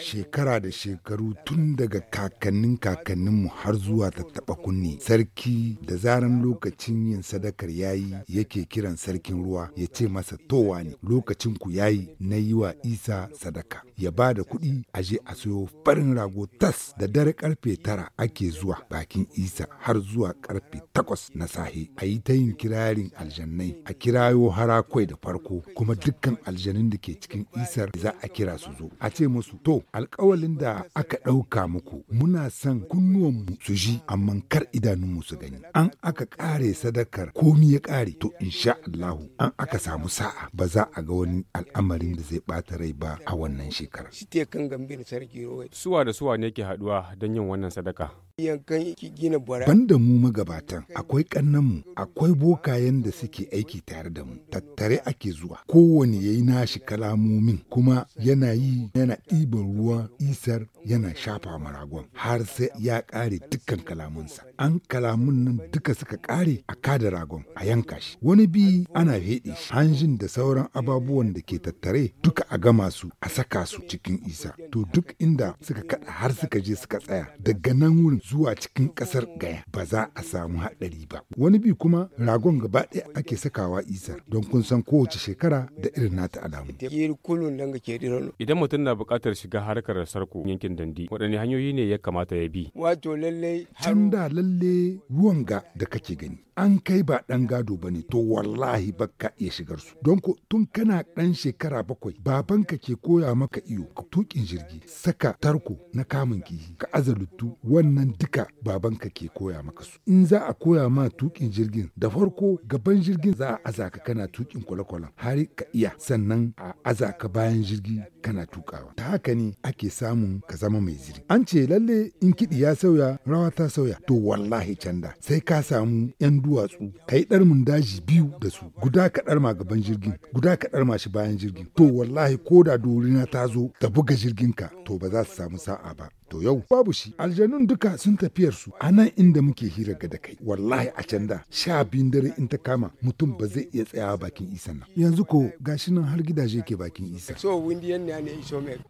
Shekara da shekaru tun daga kakannin kakanninmu har zuwa tattaɓa kunne. Sarki da zaran lokacin yin sadakar yayi yake kiran sarkin ruwa ya ce masa towa ne lokacin ku yayi na yi wa Isa sadaka. Ya ba da kuɗi a je a sayo farin rago tas da dare karfe tara ake zuwa bakin Isa har zuwa karfe takwas na sahe. A yi ta yin kirarin aljannai a kirayo harakwai da farko kuma dukkan aljanin da ke cikin Isar za a kira su zo. A ce ce musu to alkawalin da aka ɗauka muku muna son kunnuwanmu su ji amma kar idanunmu su gani an aka ƙare sadakar komi ya ƙare to insha Allahu an aka samu sa'a ba za a ga wani al'amarin da zai bata rai ba a wannan shekarar. Suwa da suwa ne ke haɗuwa don yin wannan sadaka. Banda mu magabatan akwai kannanmu akwai bokayen da suke aiki tare da mu tattare ake zuwa kowane yayi nashi kalamomin kuma yana yi yana ɗiban ruwan isar yana shafa ma ragon har sai ya ƙare dukkan kalamunsa. An kalamun nan duka suka ƙare a kada ragon a yanka shi. Wani bi ana heɗe shi hanjin da sauran ababuwan da ke tattare duka a gama su a saka su cikin isa. To duk inda suka kaɗa har suka je suka tsaya daga nan wurin zuwa cikin ƙasar gaya ba za a samu haɗari ba. Wani bi kuma ragon gaba ɗaya ake sakawa isar don kun san kowace shekara da irin nata alamu. Idan mutum na yana buƙatar shiga harkar sarko yankin dandi waɗanne hanyoyi ne ya kamata ya bi wato lalle tun da lalle ruwan ga da kake gani an kai ba ɗan gado ba ne to wallahi baka iya shigar su don ko tun kana ɗan shekara bakwai babanka ke koya maka iyo ka tukin jirgi saka tarko na kamun kihi ka azaluttu wannan duka babanka ke koya maka su in za a koya ma tuƙin jirgin da farko gaban jirgin za a aza ka kana tukin kwale-kwalen har ka iya sannan a aza ka bayan jirgi kana tuƙa. sauyawa. Ta haka ne ake samun ka zama mai ziri. An ce lalle in kiɗi ya sauya rawa ta sauya to wallahi canda sai ka samu 'yan duwatsu ka yi ɗarmin daji biyu da su guda ka ɗarma gaban jirgin guda ka ɗarma shi bayan jirgin to wallahi ko da dorina ta zo ta buga jirgin ka to ba za su samu sa'a ba. to yau babu shi aljanun duka sun tafiyar su a nan inda muke hira ga da kai wallahi a can da sha biyun dare in ta kama mutum ba zai iya tsayawa bakin isan nan yanzu ko gashi nan har gidaje ke bakin isa so windiyan ne iso